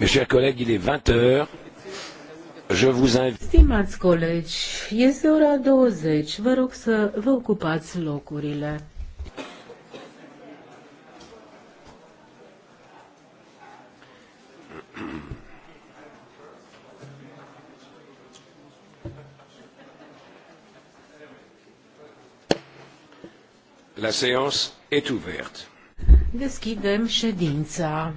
Mes chers collègues, il est 20 heures. Je vous invite. Stimați colegi, este ora 20. Vă rog să vă ocupați locurile. La séance est ouverte. Deschidem ședința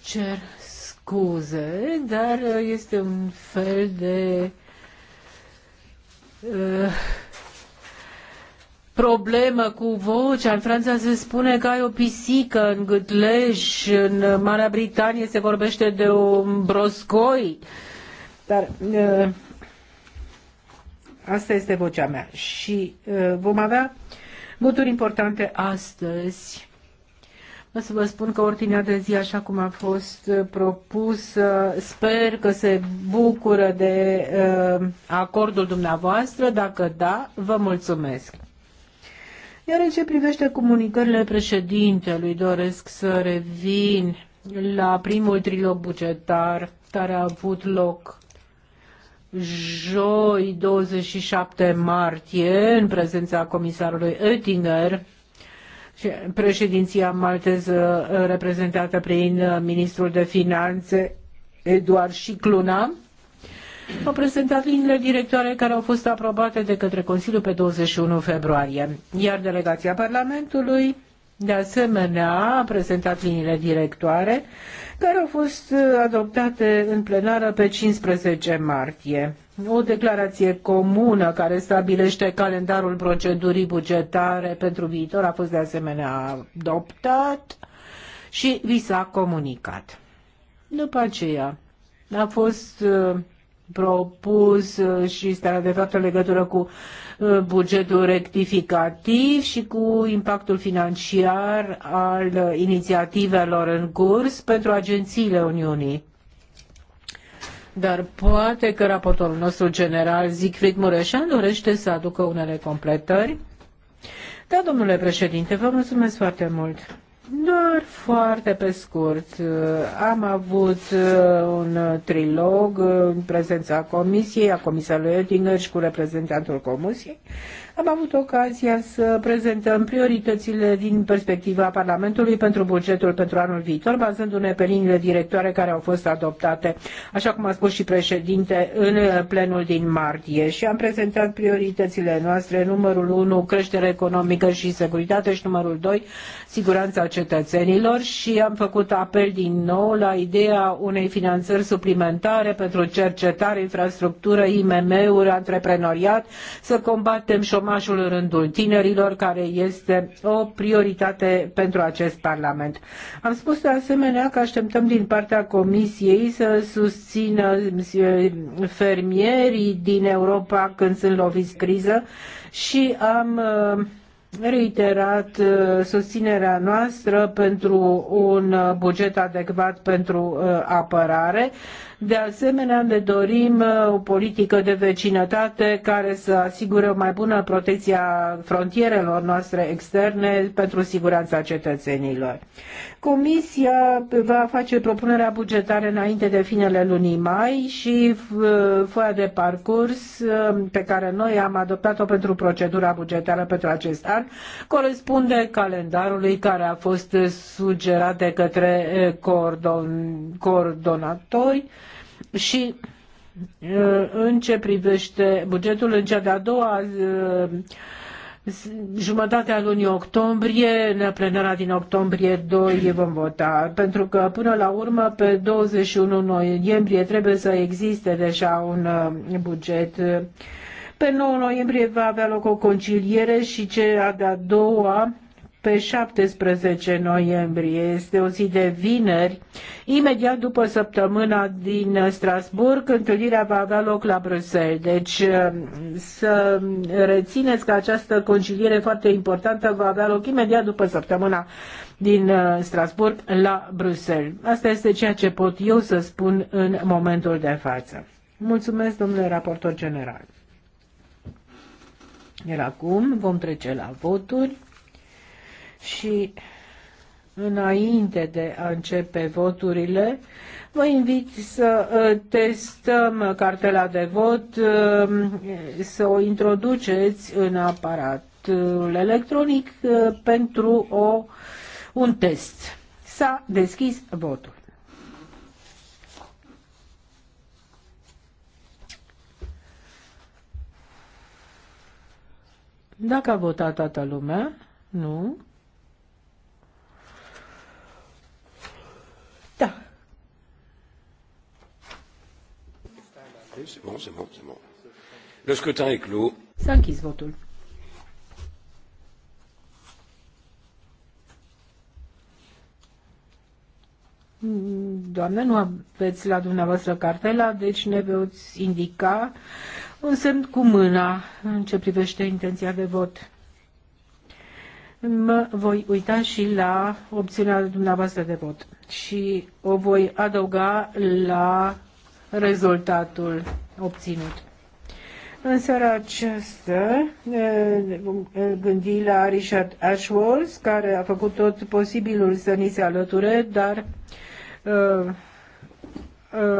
cer scuze, dar uh, este un fel de uh, problemă cu vocea. În Franța se spune că ai o pisică în gâtlej, în Marea Britanie se vorbește de un broscoi. Dar uh, asta este vocea mea și vom avea voturi importante astăzi o să vă spun că ordinea de zi, așa cum a fost uh, propusă, sper că se bucură de uh, acordul dumneavoastră. Dacă da, vă mulțumesc. Iar în ce privește comunicările președintelui, doresc să revin la primul trilog bugetar care a avut loc joi 27 martie în prezența comisarului Oettinger președinția malteză uh, reprezentată prin uh, ministrul de finanțe Eduard Șicluna au prezentat liniile directoare care au fost aprobate de către Consiliu pe 21 februarie, iar delegația Parlamentului de asemenea, a prezentat liniile directoare care au fost uh, adoptate în plenară pe 15 martie o declarație comună care stabilește calendarul procedurii bugetare pentru viitor a fost de asemenea adoptat și vi s-a comunicat. După aceea a fost uh, propus uh, și starea de fapt în legătură cu uh, bugetul rectificativ și cu impactul financiar al inițiativelor în curs pentru agențiile Uniunii dar poate că raportorul nostru general, Siegfried Mureșan, dorește să aducă unele completări. Da, domnule președinte, vă mulțumesc foarte mult. Doar foarte pe scurt. Uh, am avut uh, un uh, trilog în prezența comisiei, a comisarului Oettinger și cu reprezentantul comisiei. Am avut ocazia să prezentăm prioritățile din perspectiva Parlamentului pentru bugetul pentru anul viitor, bazându-ne pe liniile directoare care au fost adoptate, așa cum a spus și președinte, în plenul din martie. Și am prezentat prioritățile noastre, numărul 1, creștere economică și securitate și numărul 2, siguranța cetățenilor și am făcut apel din nou la ideea unei finanțări suplimentare pentru cercetare, infrastructură, IMM-uri, antreprenoriat, să combatem și șomajul în rândul tinerilor, care este o prioritate pentru acest Parlament. Am spus de asemenea că așteptăm din partea Comisiei să susțină eh, fermierii din Europa când sunt loviți criză și am eh, reiterat eh, susținerea noastră pentru un buget adecvat pentru apărare de asemenea, ne dorim uh, o politică de vecinătate care să asigure o mai bună protecție a frontierelor noastre externe pentru siguranța cetățenilor. Comisia va face propunerea bugetară înainte de finele lunii mai și uh, foaia de parcurs uh, pe care noi am adoptat-o pentru procedura bugetară pentru acest an corespunde calendarului care a fost sugerat de către coordon, coordonatori și uh, în ce privește bugetul, în cea de-a doua uh, jumătatea lunii octombrie, în plenara din octombrie 2 vom vota, pentru că până la urmă pe 21 noiembrie trebuie să existe deja un uh, buget. Pe 9 noiembrie va avea loc o conciliere și cea de-a doua pe 17 noiembrie. Este o zi de vineri. Imediat după săptămâna din Strasburg, întâlnirea va avea loc la Bruxelles. Deci um, să rețineți că această conciliere foarte importantă va avea loc imediat după săptămâna din uh, Strasburg la Bruxelles. Asta este ceea ce pot eu să spun în momentul de față. Mulțumesc, domnule raportor general. Iar acum vom trece la voturi și înainte de a începe voturile, vă invit să uh, testăm cartela de vot, um, să o introduceți în aparatul electronic uh, pentru o, un test. S-a deschis votul. Dacă a votat toată lumea, nu. arrêtez, c'est bon, c'est bon, c'est bon. Le scrutin est clos. Doamne, nu aveți la dumneavoastră cartela, deci ne veți indica un semn cu mâna în ce privește intenția de vot. Mă voi uita și la opțiunea dumneavoastră de vot și o voi adăuga la rezultatul obținut. În seara aceasta gândi la Richard Ashworth, care a făcut tot posibilul să ni se alăture, dar uh, uh,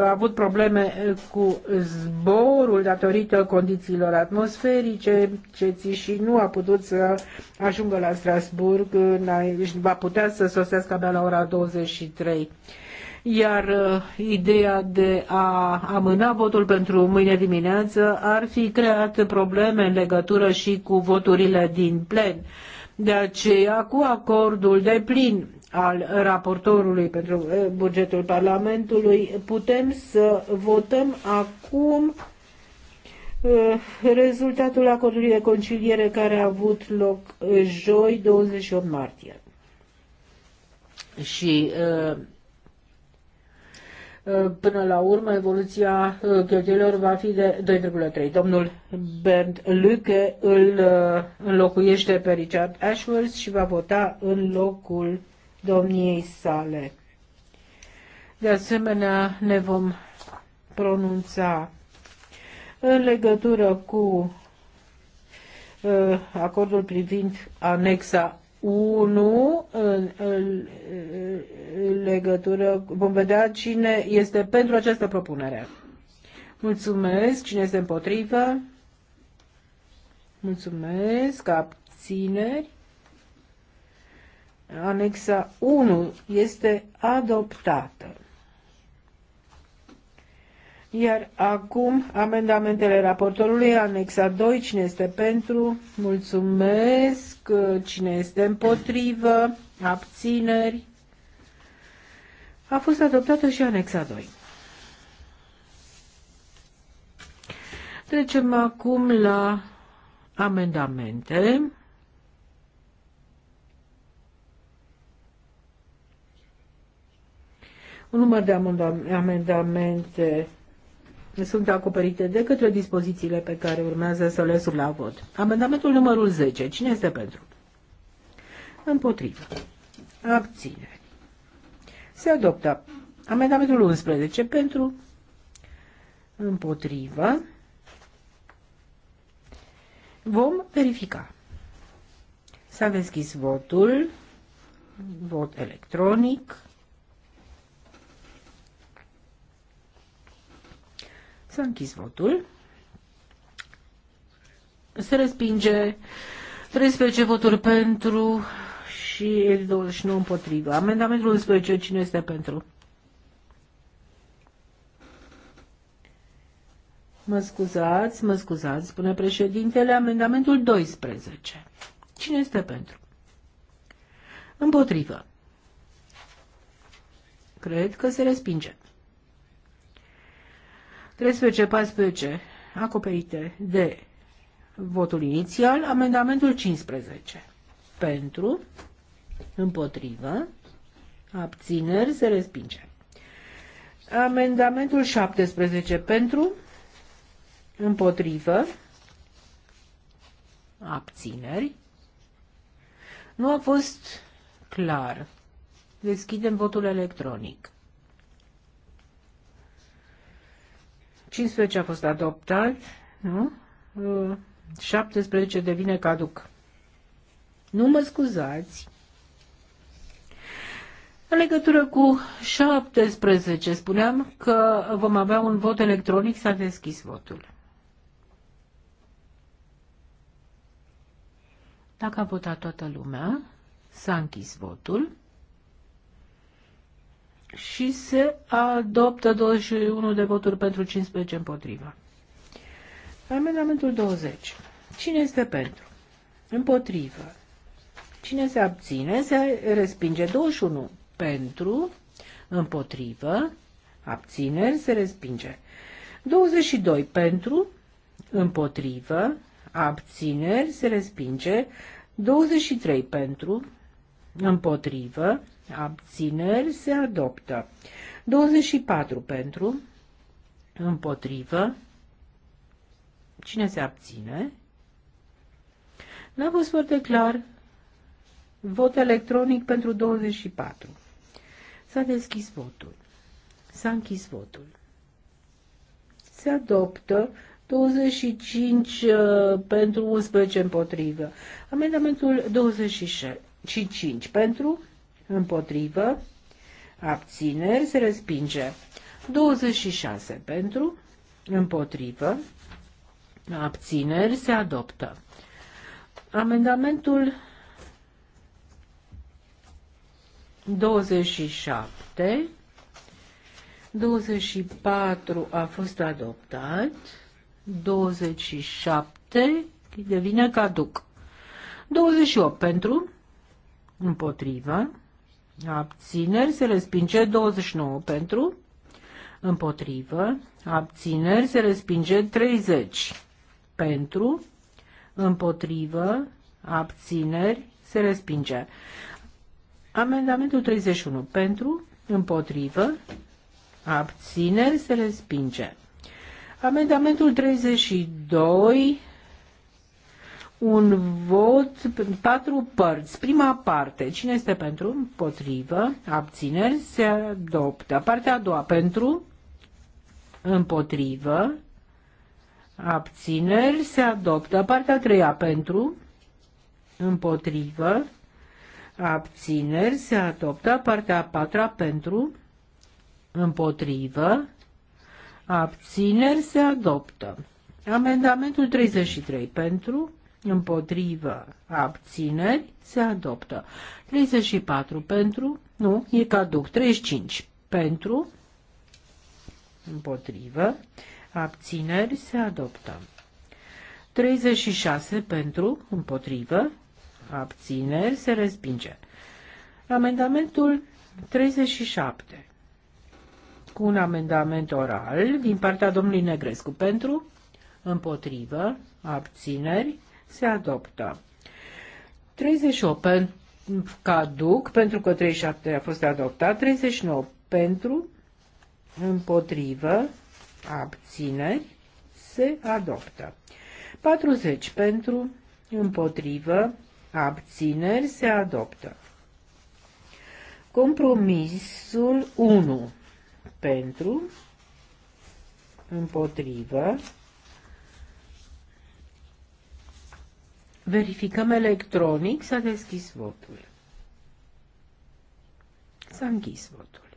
a avut probleme uh, cu zborul datorită condițiilor atmosferice, ceții și nu a putut să ajungă la Strasburg, va putea să sosească abia la ora 23 iar uh, ideea de a amâna votul pentru mâine dimineață ar fi creat probleme în legătură și cu voturile din plen. De aceea, cu acordul de plin al raportorului pentru uh, bugetul Parlamentului, putem să votăm acum uh, rezultatul acordului de conciliere care a avut loc joi 28 martie. Și Până la urmă, evoluția uh, cheltuielor va fi de 2,3. Domnul Bernd Lücke îl uh, înlocuiește pe Richard Ashworth și va vota în locul domniei sale. De asemenea, ne vom pronunța în legătură cu uh, acordul privind anexa 1 în, în, în legătură, vom vedea cine este pentru această propunere. Mulțumesc, cine este împotrivă? Mulțumesc, abțineri. Anexa 1 este adoptată. Iar acum amendamentele raportorului, anexa 2, cine este pentru, mulțumesc, cine este împotrivă, abțineri. A fost adoptată și anexa 2. Trecem acum la amendamente. Un număr de amendamente sunt acoperite de către dispozițiile pe care urmează să le sub la vot. Amendamentul numărul 10. Cine este pentru? Împotrivă. Abține. Se adoptă amendamentul 11 pentru împotrivă. Vom verifica. S-a deschis votul, vot electronic. Să închizi votul. Se respinge 13 voturi pentru și 29 împotriva. Amendamentul 11, cine este pentru? Mă scuzați, mă scuzați, spune președintele, amendamentul 12. Cine este pentru? Împotrivă. Cred că se respinge. 13-14 acoperite de votul inițial, amendamentul 15. Pentru, împotrivă, abțineri, se respinge. Amendamentul 17 pentru, împotrivă, abțineri. Nu a fost clar. Deschidem votul electronic. 15 a fost adoptat, nu? 17 uh, devine caduc. Nu mă scuzați. În legătură cu 17, spuneam că vom avea un vot electronic, s-a deschis votul. Dacă a votat toată lumea, s-a închis votul și se adoptă 21 de voturi pentru 15 împotriva. Amendamentul 20. Cine este pentru? Împotrivă. Cine se abține, se respinge 21 pentru, împotrivă, abțineri, se respinge. 22 pentru, împotrivă, abțineri, se respinge. 23 pentru, împotrivă, abțineri se adoptă. 24 pentru, împotrivă, cine se abține? N-a fost foarte clar. Vot electronic pentru 24. S-a deschis votul. S-a închis votul. Se adoptă 25 uh, pentru 11 împotrivă. Amendamentul 25 pentru împotrivă, abțineri, se respinge. 26 pentru, împotrivă, abțineri, se adoptă. Amendamentul 27, 24 a fost adoptat, 27 devine caduc. 28 pentru, împotrivă, abțineri se respinge 29 pentru, împotrivă, abțineri se respinge 30 pentru, împotrivă, abțineri se respinge. Amendamentul 31 pentru, împotrivă, abțineri se respinge. Amendamentul 32 un vot în patru părți. Prima parte, cine este pentru, împotrivă, abțineri, se adoptă. Partea a doua, pentru, împotrivă, abțineri, se adoptă. Partea a treia, pentru, împotrivă, abțineri, se adoptă. Partea a patra, pentru, împotrivă, abțineri, se adoptă. Amendamentul 33, pentru, împotrivă, abțineri, se adoptă. 34 pentru, nu, e caduc, 35 pentru, împotrivă, abțineri, se adoptă. 36 pentru, împotrivă, abțineri, se respinge. Amendamentul 37 cu un amendament oral din partea domnului Negrescu pentru, împotrivă, abțineri, se adoptă. 38 pentru caduc, pentru că 37 a fost adoptat, 39 pentru, împotrivă, abțineri, se adoptă. 40 pentru, împotrivă, abțineri, se adoptă. Compromisul 1 pentru, împotrivă, Verificăm electronic. S-a deschis votul. S-a închis votul.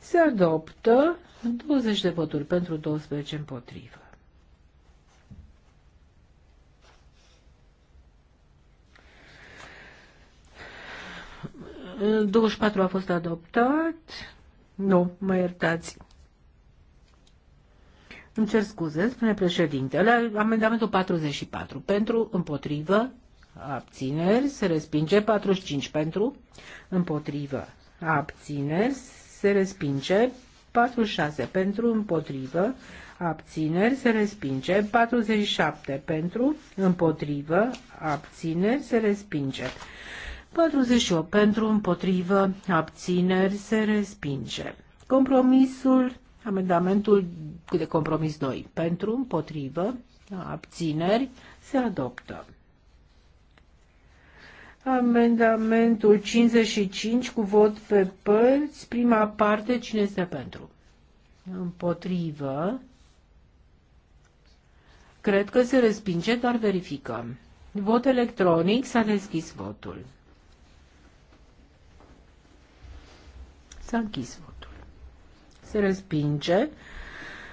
Se adoptă 20 de voturi pentru 12 împotrivă. În 24 a fost adoptat. Nu, mă iertați. Îmi cer scuze, spune președintele, amendamentul 44 pentru, împotrivă, abțineri, se respinge, 45 pentru, împotrivă, abțineri, se respinge, 46 pentru, împotrivă, abțineri, se respinge, 47 pentru, împotrivă, abțineri, se respinge. 48 pentru, împotrivă, abțineri, se respinge. Compromisul Amendamentul de compromis 2. Pentru, împotrivă, abțineri, se adoptă. Amendamentul 55 cu vot pe părți, prima parte, cine este pentru? Împotrivă. Cred că se respinge, dar verificăm. Vot electronic, s-a deschis votul. S-a închis votul se respinge.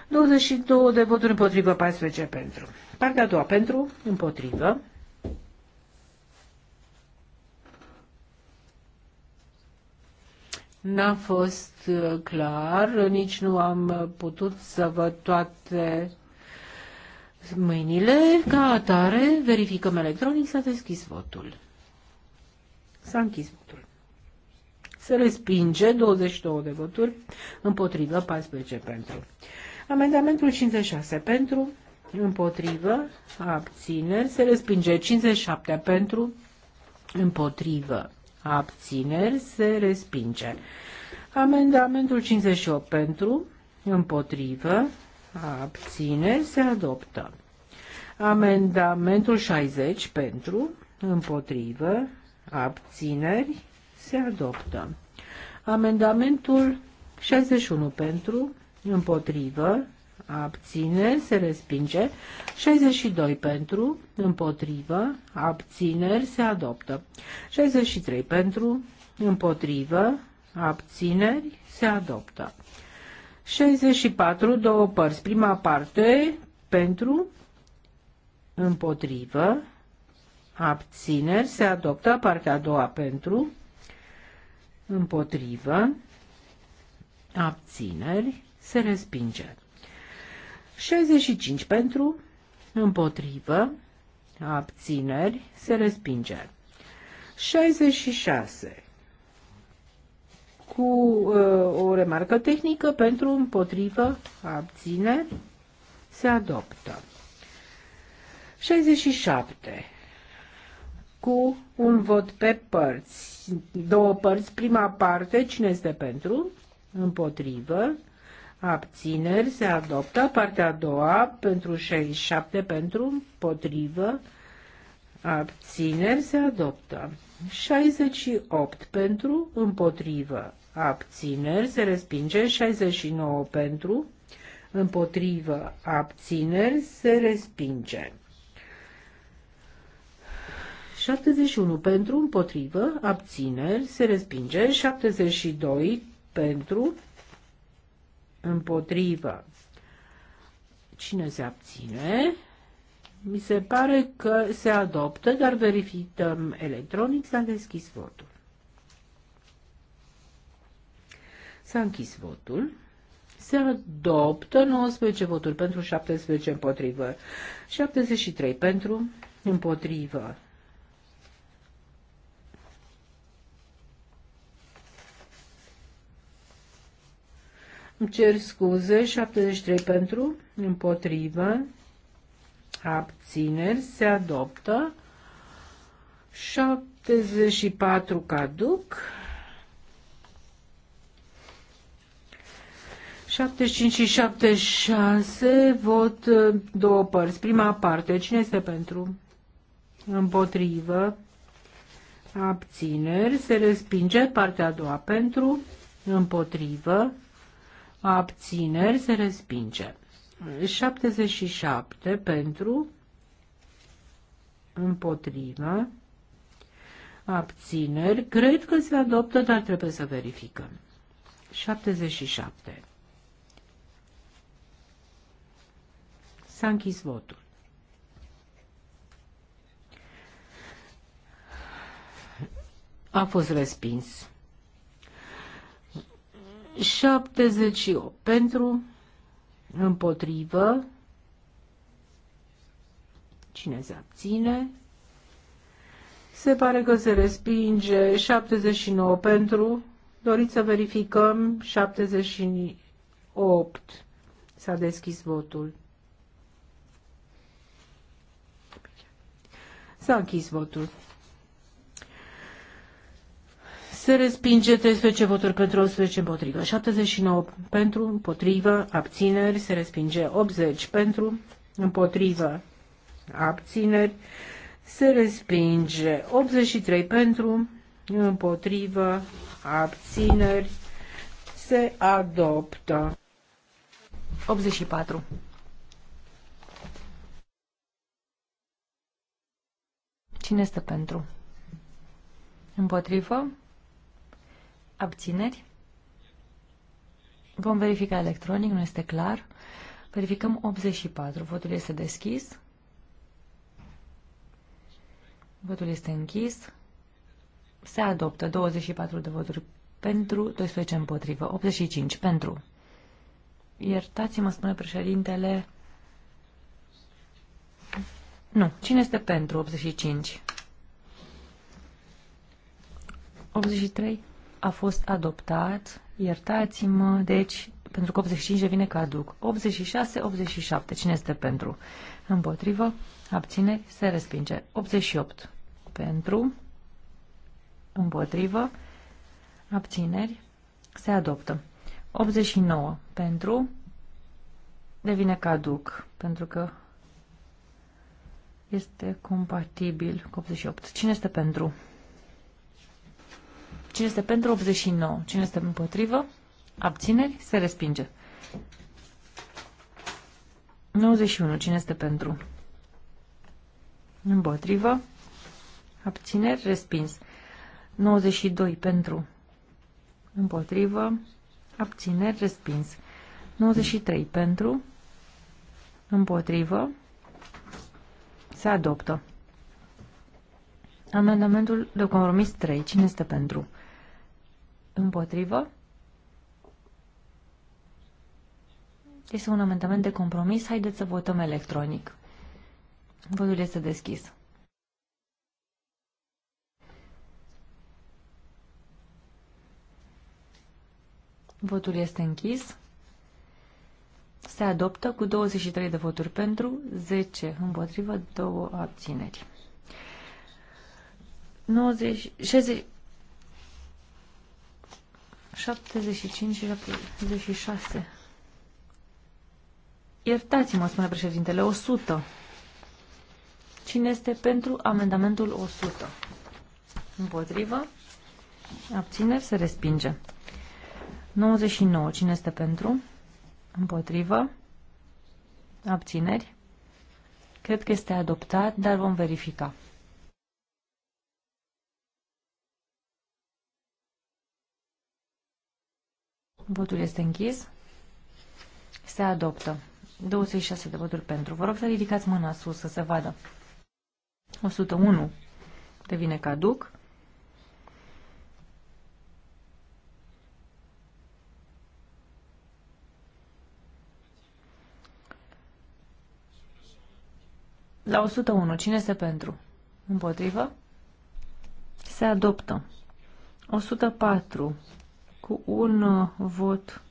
22 de voturi împotrivă, 14 pentru. Partea a doua pentru, împotrivă. N-a fost uh, clar, nici nu am putut să văd toate mâinile. Ca atare, verificăm electronic, s-a deschis votul. S-a închis votul se respinge 22 de voturi împotrivă 14 pentru. Amendamentul 56 pentru, împotrivă, abțineri, se respinge 57 pentru, împotrivă, abțineri, se respinge. Amendamentul 58 pentru, împotrivă, abțineri, se adoptă. Amendamentul 60 pentru, împotrivă, abțineri, se adoptă. Amendamentul 61 pentru, împotrivă, abține, se respinge. 62 pentru, împotrivă, abțineri, se adoptă. 63 pentru, împotrivă, abțineri, se adoptă. 64, două părți. Prima parte, pentru, împotrivă, abțineri, se adoptă. Partea a doua, pentru, împotrivă, abțineri, se respinge. 65 pentru, împotrivă, abțineri, se respinge. 66 cu uh, o remarcă tehnică pentru împotrivă, abțineri, se adoptă. 67 cu un vot pe părți. Două părți, prima parte, cine este pentru? Împotrivă. Abțineri se adoptă. Partea a doua, pentru 67, pentru, împotrivă. Abțineri se adoptă. 68 pentru, împotrivă. Abțineri se respinge. 69 pentru, împotrivă. Abțineri se respinge. 71 pentru, împotrivă, abțineri, se respinge. 72 pentru, împotrivă. Cine se abține? Mi se pare că se adoptă, dar verificăm electronic, s-a deschis votul. S-a închis votul. Se adoptă 19 voturi pentru 17 împotrivă. 73 pentru împotrivă. Îmi cer scuze, 73 pentru, împotrivă, abțineri, se adoptă, 74 caduc, 75 și 76 vot uh, două părți. Prima parte, cine este pentru? Împotrivă, abțineri, se respinge, partea a doua pentru, împotrivă, abțineri se respinge. 77 pentru, împotrivă, abțineri, cred că se adoptă, dar trebuie să verificăm. 77. S-a închis votul. A fost respins. 78 pentru, împotrivă, cine se abține, se pare că se respinge 79 pentru, doriți să verificăm 78, s-a deschis votul. S-a închis votul. Se respinge 13 voturi pentru 11 împotrivă. 79 pentru, împotrivă, abțineri. Se respinge 80 pentru, împotrivă, abțineri. Se respinge 83 pentru, împotrivă, abțineri. Se adoptă. 84. Cine este pentru? Împotrivă? Abțineri? Vom verifica electronic, nu este clar. Verificăm 84. Votul este deschis. Votul este închis. Se adoptă 24 de voturi pentru, 12 împotrivă, 85 pentru. Iertați-mă, spune președintele. Nu. Cine este pentru 85? 83? a fost adoptat, iertați-mă, deci pentru că 85 devine caduc. 86, 87, cine este pentru? Împotrivă, abține, se respinge. 88, pentru, împotrivă, abțineri, se adoptă. 89, pentru, devine caduc, pentru că este compatibil cu 88. Cine este pentru? Cine este pentru 89? Cine este împotrivă? Abțineri? Se respinge. 91. Cine este pentru? Împotrivă. Abțineri? Respins. 92. Pentru. Împotrivă. Abțineri? Respins. 93. Pentru. Împotrivă. Se adoptă. Amendamentul de compromis 3. Cine este pentru? Împotrivă? Este un amendament de compromis. Haideți să votăm electronic. Votul este deschis. Votul este închis. Se adoptă cu 23 de voturi pentru, 10 împotrivă, 2 abțineri. 90, 60, 75 și 76. Iertați-mă, spune președintele, 100. Cine este pentru amendamentul 100? Împotrivă? Abțineri? Se respinge. 99. Cine este pentru? Împotrivă? Abțineri? Cred că este adoptat, dar vom verifica. Votul este închis. Se adoptă. 26 de voturi pentru. Vă rog să ridicați mâna sus să se vadă. 101 devine caduc. La 101, cine este pentru? Împotrivă? Se adoptă. 104 cu un uh, vot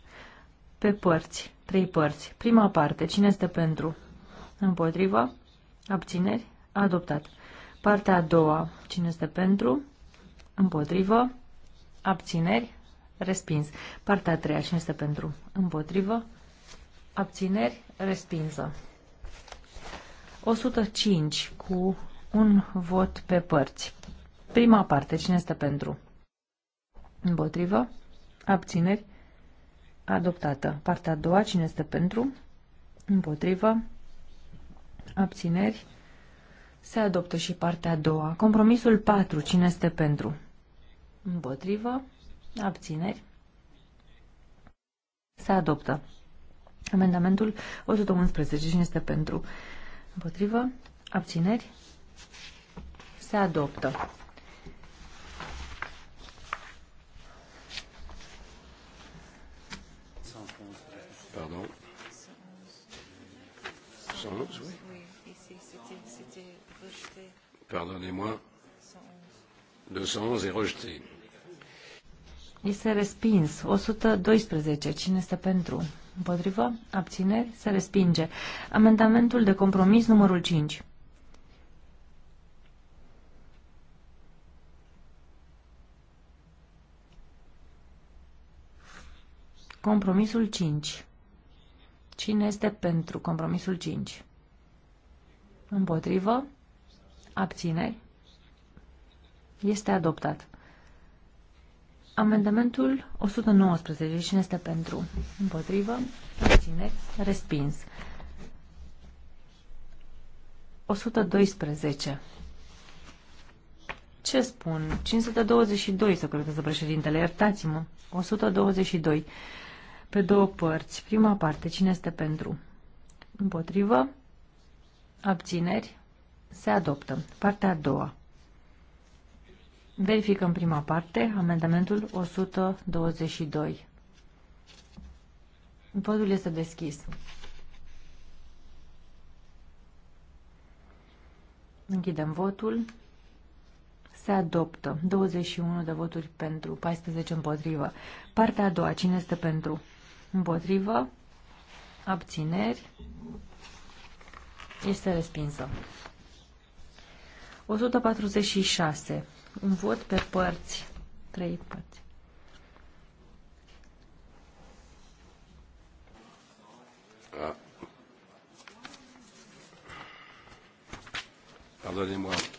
pe părți, trei părți. Prima parte, cine este pentru? Împotriva? Abțineri? Adoptat. Partea a doua, cine este pentru? Împotrivă? Abțineri? Respins. Partea a treia, cine este pentru? Împotrivă? Abțineri? Respinsă. 105 cu un vot pe părți. Prima parte, cine este pentru? Împotrivă? abțineri, adoptată. Partea a doua, cine este pentru, împotrivă, abțineri, se adoptă și partea a doua. Compromisul 4, cine este pentru, împotrivă, abțineri, se adoptă. Amendamentul 111, cine este pentru, împotrivă, abțineri, se adoptă. sans l'autre, Oui, Pardonnez-moi. 211 est rejeté. s'est respins. 112. Cine este pentru? Împotrivă? Abțineri? Se respinge. Amendamentul de compromis numărul 5. Compromisul 5. Cine este pentru compromisul 5? Împotrivă? Abțineri? Este adoptat. Amendamentul 119. Cine este pentru? Împotrivă? Abțineri? Respins. 112. Ce spun? 522 să credeți președintele. Iertați-mă. 122 pe două părți. Prima parte, cine este pentru? Împotrivă, abțineri, se adoptă. Partea a doua. Verificăm prima parte, amendamentul 122. Votul este deschis. Închidem votul. Se adoptă. 21 de voturi pentru, 14 împotrivă. Partea a doua. Cine este pentru? Împotrivă. Abțineri. Este respinsă. 146. Un vot pe părți. Trei părți. Da. Pardonnez-moi.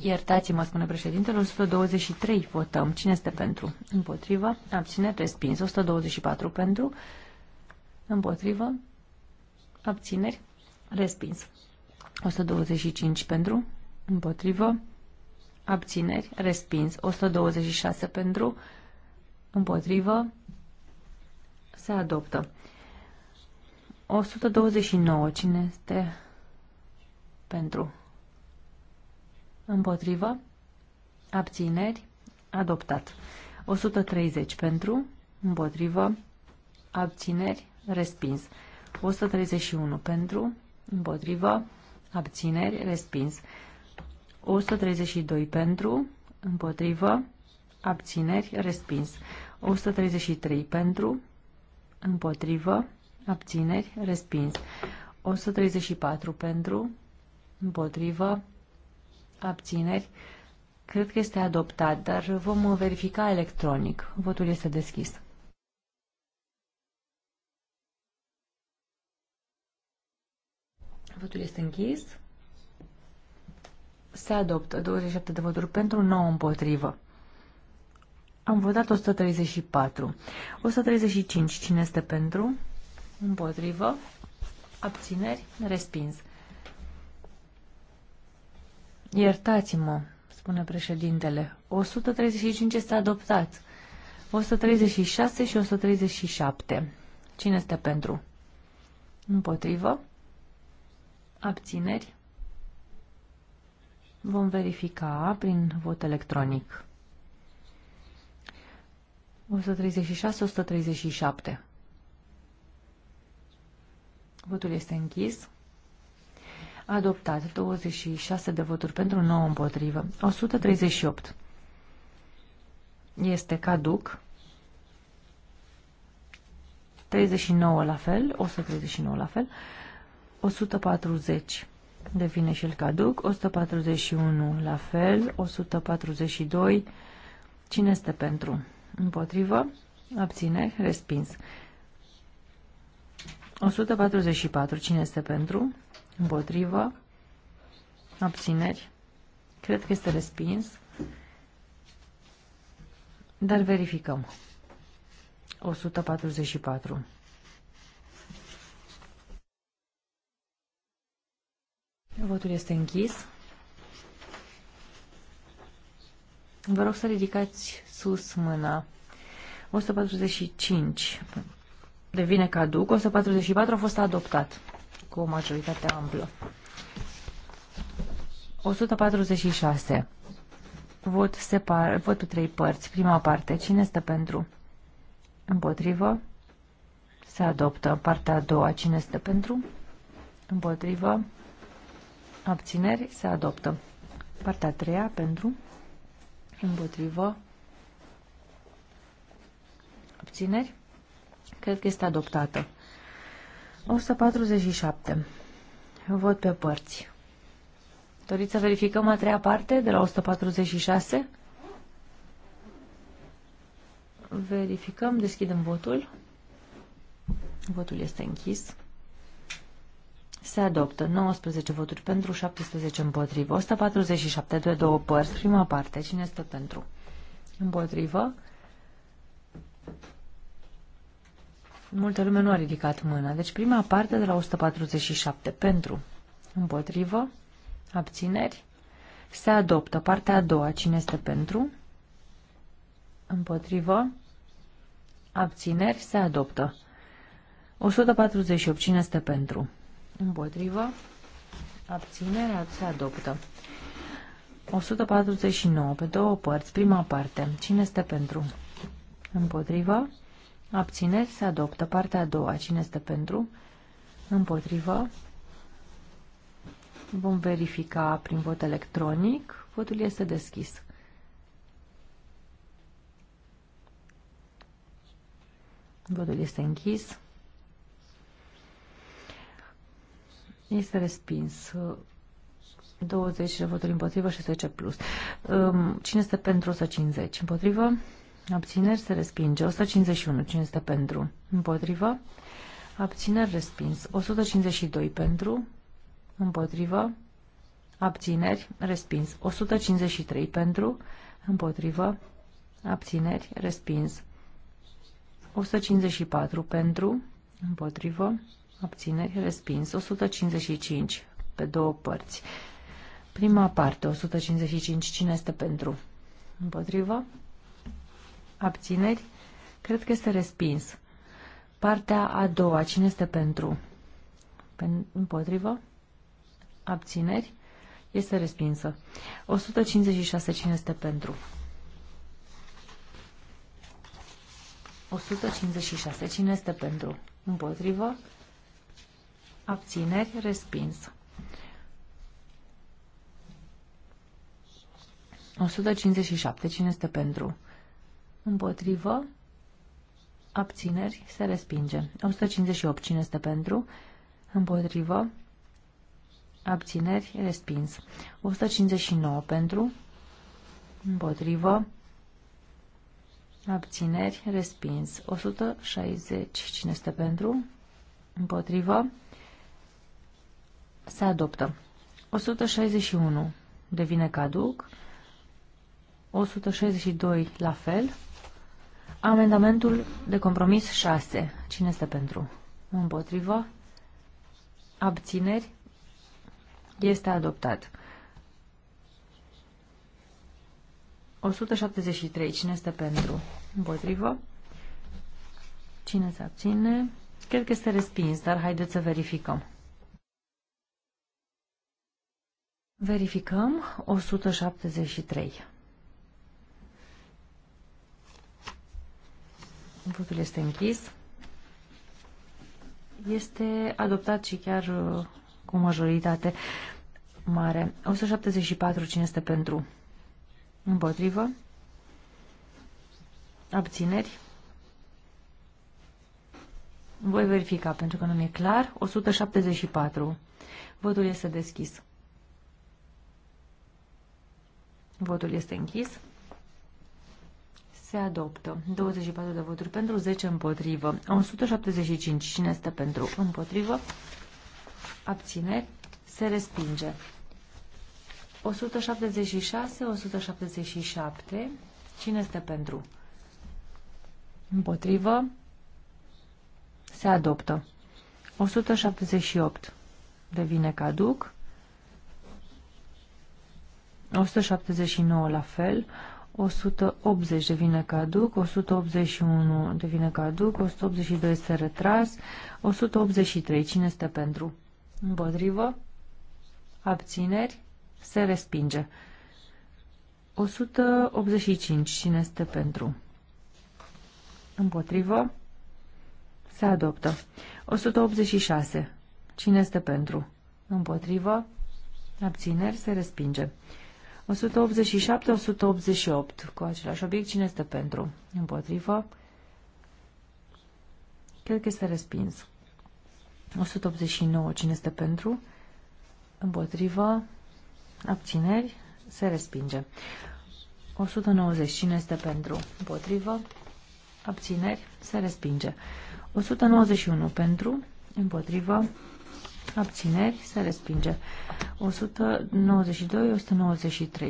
Iertați-mă, spune președintele, 123 votăm. Cine este pentru? Împotrivă. Abține, Respins. 124 pentru. Împotrivă. Abțineri. Respins. 125 pentru. Împotrivă. Abțineri. Respins. 126 pentru. Împotrivă. Se adoptă. 129. Cine este pentru? Împotrivă. Abțineri. Adoptat. 130 pentru. Împotrivă. Abțineri. Respins. 131 pentru. Împotrivă. Abțineri. Respins. 132 pentru. Împotrivă. Abțineri. Respins. 133 pentru. Împotrivă. Abțineri. Respins. 134 pentru. Împotrivă abțineri. Cred că este adoptat, dar vom verifica electronic. Votul este deschis. Votul este închis. Se adoptă 27 de voturi pentru, 9 împotrivă. Am votat 134. 135. Cine este pentru? Împotrivă. Abțineri. Respins. Iertați-mă, spune președintele. 135 este adoptat. 136 și 137. Cine este pentru? Împotrivă? Abțineri? Vom verifica prin vot electronic. 136-137. Votul este închis. Adoptat. 26 de voturi pentru, 9 împotrivă. 138. Este caduc. 39 la fel, 139 la fel, 140 devine și el caduc, 141 la fel, 142, cine este pentru? Împotrivă, abține, respins. 144, cine este pentru? Împotrivă. Abțineri. Cred că este respins. Dar verificăm. 144. Votul este închis. Vă rog să ridicați sus mâna. 145 devine caduc. 144 a fost adoptat cu o majoritate amplă. 146. Vot, separ, votul pe trei părți. Prima parte. Cine este pentru? Împotrivă. Se adoptă. Partea a doua. Cine este pentru? Împotrivă. Abțineri. Se adoptă. Partea a treia. Pentru. Împotrivă. Abțineri. Cred că este adoptată. 147. Vot pe părți. Doriți să verificăm a treia parte de la 146? Verificăm, deschidem votul. Votul este închis. Se adoptă 19 voturi pentru, 17 împotrivă, 147 de două părți, prima parte. Cine este pentru? Împotrivă, Multă lume nu a ridicat mâna. Deci prima parte de la 147 pentru, împotrivă, abțineri, se adoptă. Partea a doua, cine este pentru, împotrivă, abțineri, se adoptă. 148, cine este pentru, împotrivă, abținere, se adoptă. 149, pe două părți, prima parte, cine este pentru, împotrivă, Abțineri se adoptă. Partea a doua. Cine este pentru? Împotrivă. Vom verifica prin vot electronic. Votul este deschis. Votul este închis. Este respins. 20 de voturi împotrivă, 10 plus. Cine este pentru 150? Împotrivă? Abțineri se respinge. 151. 500 pentru? Împotrivă. Abțineri respins. 152 pentru. Împotrivă. Abțineri respins. 153 pentru. Împotrivă. Abțineri respins. 154 pentru. Împotrivă. Abțineri respins. 155 pe două părți. Prima parte, 155, cine este pentru? Împotrivă? Abțineri? Cred că este respins. Partea a doua. Cine este pentru? Pen împotrivă? Abțineri? Este respinsă. 156. Cine este pentru? 156. Cine este pentru? Împotrivă? Abțineri? Respins. 157. Cine este pentru? împotrivă, abțineri, se respinge. 158, cine este pentru, împotrivă, abțineri, respins. 159 pentru, împotrivă, abțineri, respins. 160, cine este pentru, împotrivă, se adoptă. 161 devine caduc. 162 la fel. Amendamentul de compromis 6. Cine este pentru? Împotrivă? Abțineri? Este adoptat. 173. Cine este pentru? Împotrivă? Cine se abține? Cred că este respins, dar haideți să verificăm. Verificăm 173. Votul este închis. Este adoptat și chiar uh, cu majoritate mare. 174 cine este pentru? Împotrivă? Abțineri? Voi verifica pentru că nu mi-e clar. 174. Votul este deschis. Votul este închis. Se adoptă. 24 de voturi pentru, 10 împotrivă. 175. Cine este pentru? Împotrivă. Abțineri. Se respinge. 176, 177. Cine este pentru? Împotrivă. Se adoptă. 178. Devine caduc. 179 la fel. 180 devine caduc, 181 devine caduc, 182 este retras, 183. Cine este pentru? Împotrivă? Abțineri? Se respinge. 185. Cine este pentru? Împotrivă? Se adoptă. 186. Cine este pentru? Împotrivă? Abțineri? Se respinge. 187-188 cu același obiect. Cine este pentru? Împotrivă. Cred că este respins. 189. Cine este pentru? Împotrivă. Abțineri. Se respinge. 190. Cine este pentru? Împotrivă. Abțineri. Se respinge. 191. Pentru. Împotrivă. Abțineri se respinge. 192-193.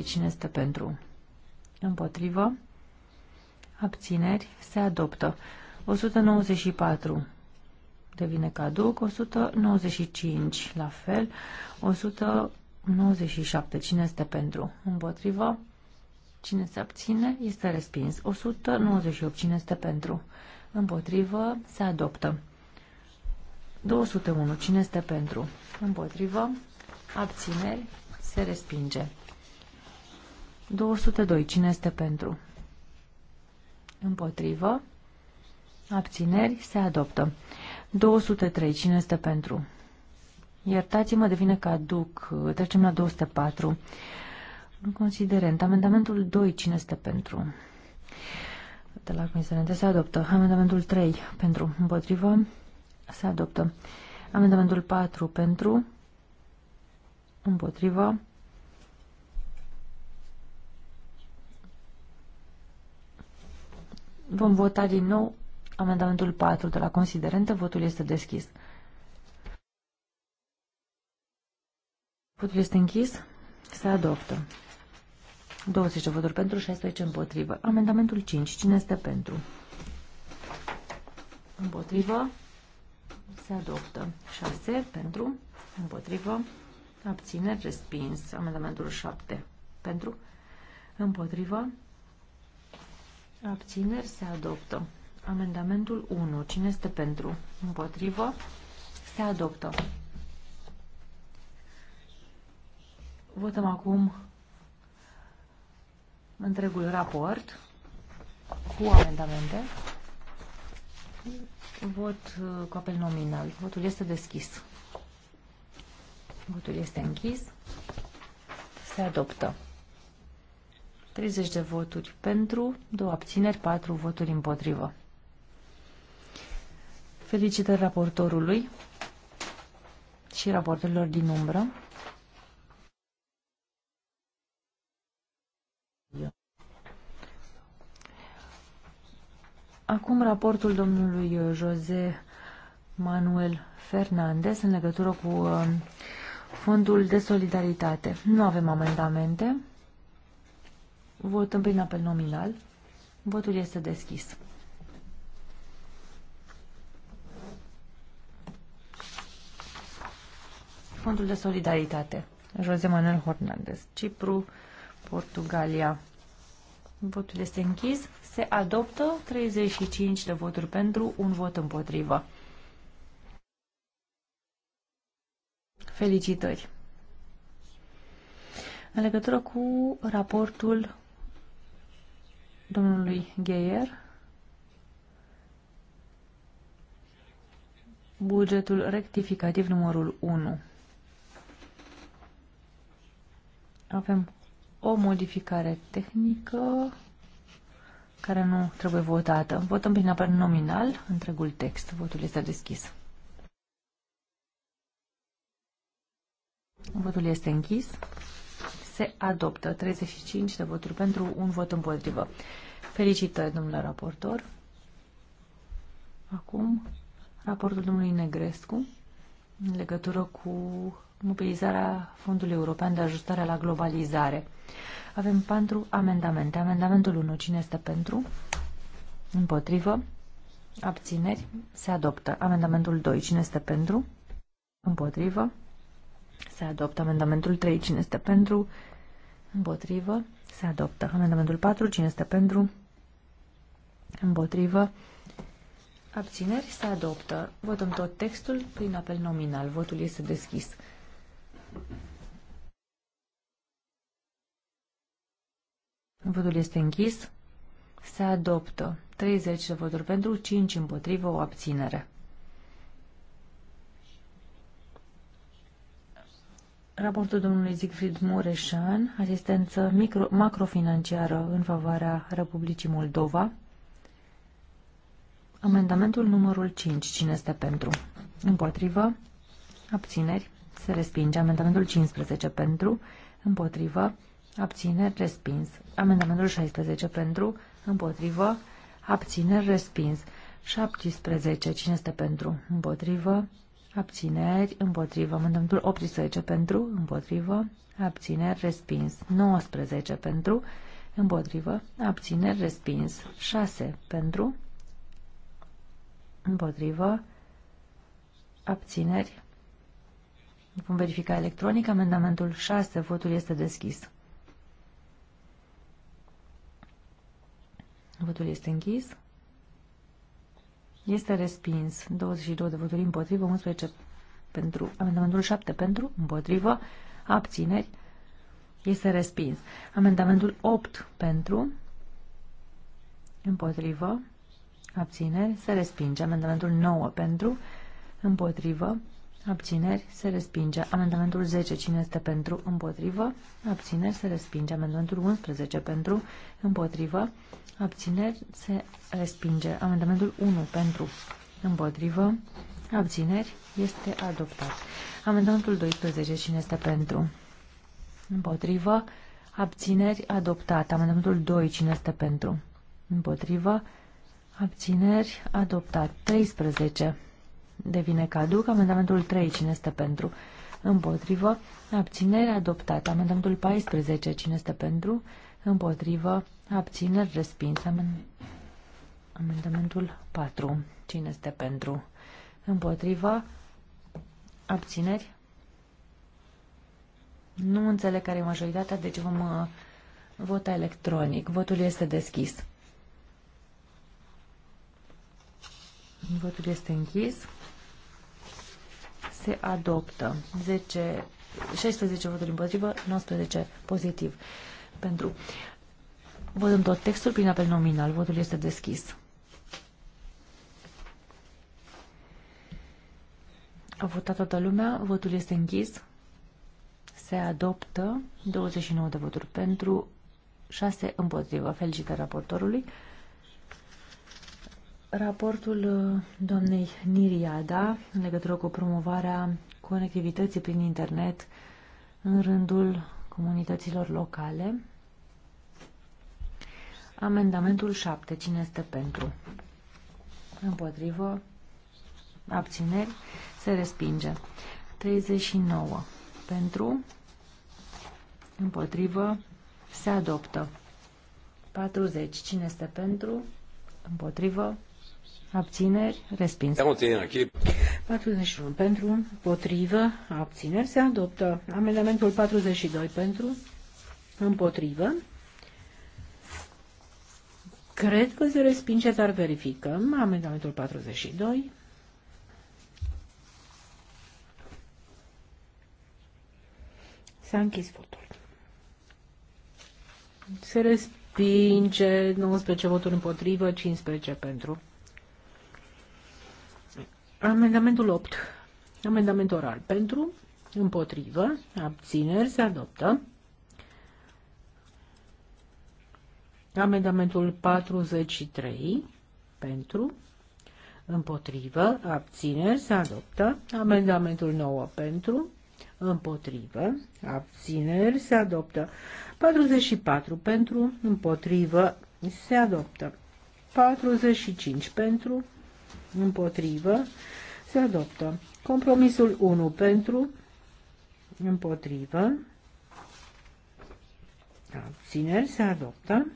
Cine este pentru? Împotrivă. Abțineri se adoptă. 194 devine caduc. 195 la fel. 197. Cine este pentru? Împotrivă. Cine se abține este respins. 198. Cine este pentru? Împotrivă se adoptă. 201. Cine este pentru? Împotrivă. Abțineri. Se respinge. 202. Cine este pentru? Împotrivă. Abțineri. Se adoptă. 203. Cine este pentru? Iertați-mă, devine caduc. Trecem la 204. În considerent. Amendamentul 2. Cine este pentru? De la considerente se adoptă. Amendamentul 3. Pentru. Împotrivă. Se adoptă. Amendamentul 4 pentru, împotrivă, Vom vota din nou amendamentul 4 de la considerentă. Votul este deschis. Votul este închis. Se adoptă. 20 de voturi pentru, 16 împotrivă. Amendamentul 5. Cine este pentru? Împotrivă se adoptă. 6 pentru, împotrivă, abțineri, respins. Amendamentul 7 pentru, împotrivă, abțineri, se adoptă. Amendamentul 1. Cine este pentru? Împotrivă? Se adoptă. Votăm acum întregul raport cu amendamente. Vot uh, cu apel nominal. Votul este deschis. Votul este închis. Se adoptă. 30 de voturi pentru, 2 abțineri, 4 voturi împotrivă. Felicitări raportorului și raportorilor din umbră. Acum raportul domnului uh, José Manuel Fernandez în legătură cu uh, Fondul de Solidaritate. Nu avem amendamente. Votăm prin apel nominal. Votul este deschis. Fondul de Solidaritate. José Manuel Hernandez, Cipru, Portugalia. Votul este închis se adoptă 35 de voturi pentru, un vot împotrivă. Felicitări! În legătură cu raportul domnului Geier, bugetul rectificativ numărul 1. Avem o modificare tehnică care nu trebuie votată. Votăm prin apel nominal întregul text. Votul este deschis. Votul este închis. Se adoptă 35 de voturi pentru un vot împotrivă. Felicitări, domnule raportor. Acum, raportul domnului Negrescu în legătură cu mobilizarea Fondului European de Ajustare la Globalizare. Avem patru amendamente. Amendamentul 1. Cine este pentru? Împotrivă? Abțineri? Se adoptă. Amendamentul 2. Cine este pentru? Împotrivă? Se adoptă. Amendamentul 3. Cine este pentru? Împotrivă? Se adoptă. Amendamentul 4. Cine este pentru? Împotrivă? Abțineri? Se adoptă. Votăm tot textul prin apel nominal. Votul este deschis. Votul este închis. Se adoptă 30 de voturi pentru, 5 împotrivă, o abținere. Raportul domnului Siegfried Mureșan, asistență micro, macrofinanciară în favoarea Republicii Moldova. Amendamentul numărul 5. Cine este pentru? Împotrivă? Abțineri? se respinge. Amendamentul 15 pentru, împotrivă, abțineri, respins. Amendamentul 16 pentru, împotrivă, abțineri, respins. 17. Cine este pentru? Împotrivă. Abțineri. Împotrivă. Amendamentul 18 pentru. Împotrivă. Abțineri. Respins. 19 pentru. Împotrivă. Abțineri. Respins. 6 pentru. Împotrivă. Abțineri. Vom verifica electronic amendamentul 6. Votul este deschis. Votul este închis. Este respins. 22 de voturi împotrivă, 11 pentru. Amendamentul 7 pentru, împotrivă, abțineri. Este respins. Amendamentul 8 pentru, împotrivă, abțineri. Se respinge. Amendamentul 9 pentru, împotrivă, Abțineri se respinge. Amendamentul 10. Cine este pentru? Împotrivă. Abțineri se respinge. Amendamentul 11. Pentru? Împotrivă. Abțineri se respinge. Amendamentul 1. Pentru? Împotrivă. Abțineri este adoptat. Amendamentul 12. Cine este pentru? Împotrivă. Abțineri adoptat. Amendamentul 2. Cine este pentru? Împotrivă. Abțineri adoptat. 13 devine caduc. Amendamentul 3, cine este pentru? Împotrivă. Abținere adoptat. Amendamentul 14, cine este pentru? Împotrivă. Abțineri respins. Amendamentul 4, cine este pentru? Împotrivă. Abțineri. Nu înțeleg care e majoritatea, deci vom uh, vota electronic. Votul este deschis. Votul este închis se adoptă. 10, 16 voturi împotrivă, 19 pozitiv pentru. Vădăm tot textul prin apel nominal. Votul este deschis. A votat toată lumea, votul este închis. Se adoptă 29 de voturi pentru, 6 împotrivă. Felicitări raportorului. Raportul uh, doamnei Niriada în legătură cu promovarea conectivității prin internet în rândul comunităților locale. Amendamentul 7. Cine este pentru? Împotrivă. Abțineri. Se respinge. 39. Pentru. Împotrivă. Se adoptă. 40. Cine este pentru? Împotrivă. Abțineri, respins. 41 pentru, potrivă, abțineri, se adoptă. Amendamentul 42 pentru, împotrivă. Cred că se respinge, dar verificăm. Amendamentul 42. S-a închis votul. Se respinge 19 voturi împotrivă, 15 pentru. Amendamentul 8. Amendament oral pentru, împotrivă, abțineri, se adoptă. Amendamentul 43 pentru, împotrivă, abțineri, se adoptă. Amendamentul 9 pentru, împotrivă, abțineri, se adoptă. 44 pentru, împotrivă, se adoptă. 45 pentru, împotrivă, se adoptă. Compromisul 1 pentru, împotrivă, abțineri, se adoptă.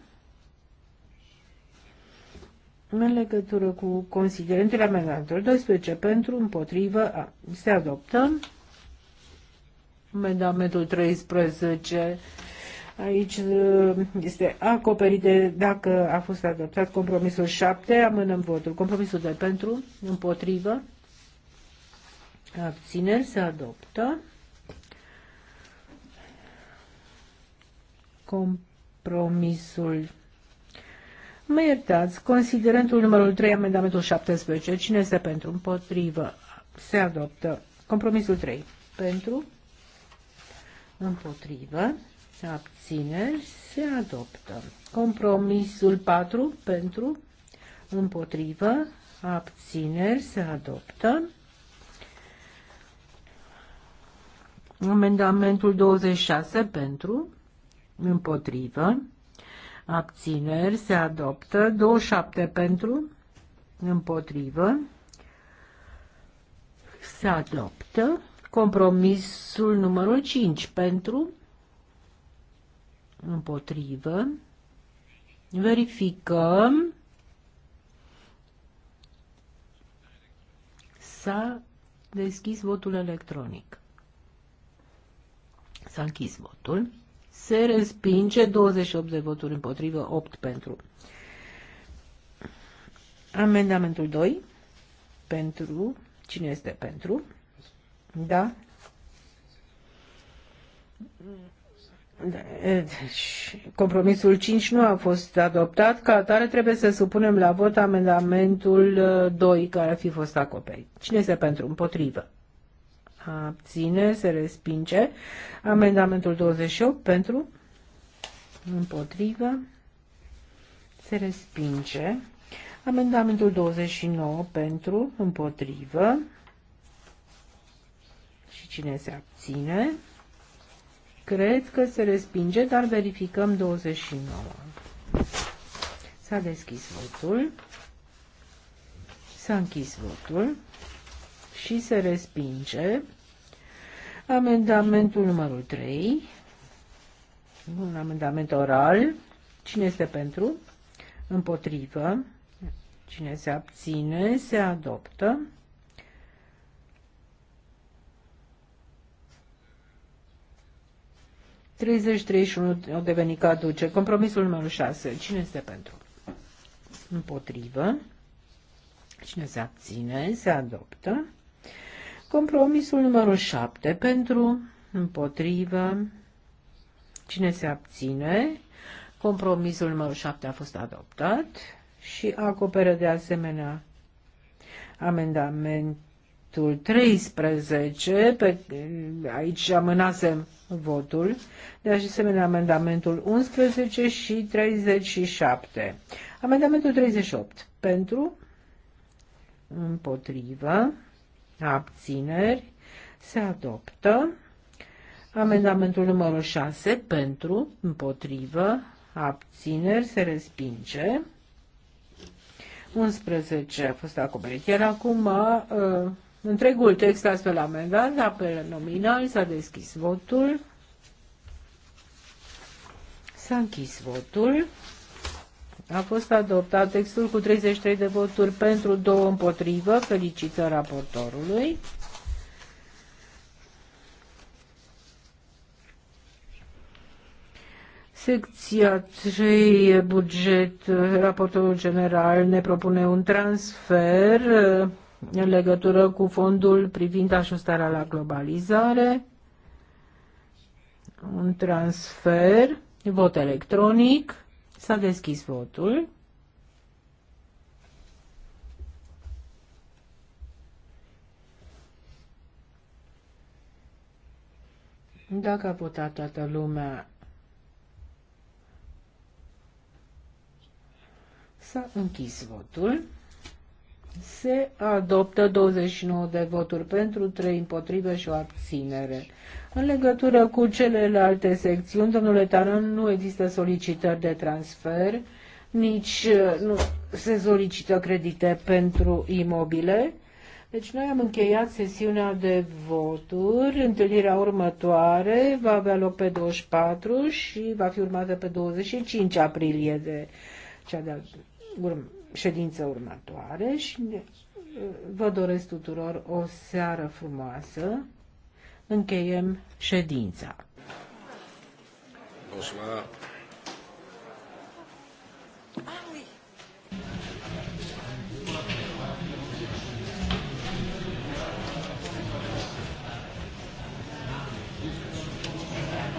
În legătură cu considerentele amendamentelor 12 pentru, împotrivă, se adoptă. Amendamentul 13 Aici uh, este acoperit de, dacă a fost adoptat compromisul 7, amânăm votul. Compromisul 2 pentru, împotrivă, abțineri, se adoptă. Compromisul Mă iertați, considerentul numărul 3, amendamentul 17, cine este pentru? Împotrivă. Se adoptă. Compromisul 3. Pentru? Împotrivă abțineri, se adoptă. Compromisul 4 pentru, împotrivă, abțineri, se adoptă. Amendamentul 26 pentru, împotrivă, abțineri, se adoptă. 27 pentru, împotrivă, se adoptă. Compromisul numărul 5 pentru, împotrivă. Verificăm. S-a deschis votul electronic. S-a închis votul. Se respinge 28 de voturi împotrivă, 8 pentru. Amendamentul 2. Pentru. Cine este pentru? Da compromisul 5 nu a fost adoptat, ca atare trebuie să supunem la vot amendamentul 2 uh, care ar fi fost acoperit. Cine este pentru? Împotrivă. Abține, se respinge. Amendamentul 28 pentru? Împotrivă. Se respinge. Amendamentul 29 pentru? Împotrivă. Și cine se abține? Cred că se respinge, dar verificăm 29. S-a deschis votul. S-a închis votul și se respinge amendamentul numărul 3, un amendament oral. Cine este pentru? Împotrivă. Cine se abține, se adoptă. 30, 31 au devenit caduce. Compromisul numărul 6. Cine este pentru? Împotrivă. Cine se abține, se adoptă. Compromisul numărul 7. Pentru, împotrivă. Cine se abține, compromisul numărul 7 a fost adoptat și acoperă de asemenea amendamentul 13, pe, aici amânasem votul. De asemenea, amendamentul 11 și 37. Amendamentul 38. Pentru, împotrivă, abțineri, se adoptă. Amendamentul numărul 6. Pentru, împotrivă, abțineri, se respinge. 11 a fost acoperit. Iar acum uh, întregul text astfel amendat, apel nominal, s-a deschis votul, s-a închis votul, a fost adoptat textul cu 33 de voturi pentru, 2 împotrivă, felicită raportorului. Secția 3, buget, raportorul general ne propune un transfer în legătură cu fondul privind ajustarea la globalizare. Un transfer, vot electronic. S-a deschis votul. Dacă a votat toată lumea, s-a închis votul. Se adoptă 29 de voturi pentru, 3 împotrivă și o abținere. În legătură cu celelalte secțiuni, domnule Taran, nu există solicitări de transfer, nici uh, nu se solicită credite pentru imobile. Deci noi am încheiat sesiunea de voturi. Întâlnirea următoare va avea loc pe 24 și va fi urmată pe 25 aprilie de cea de a ședință următoare și vă doresc tuturor o seară frumoasă. Încheiem ședința. Bonsoir.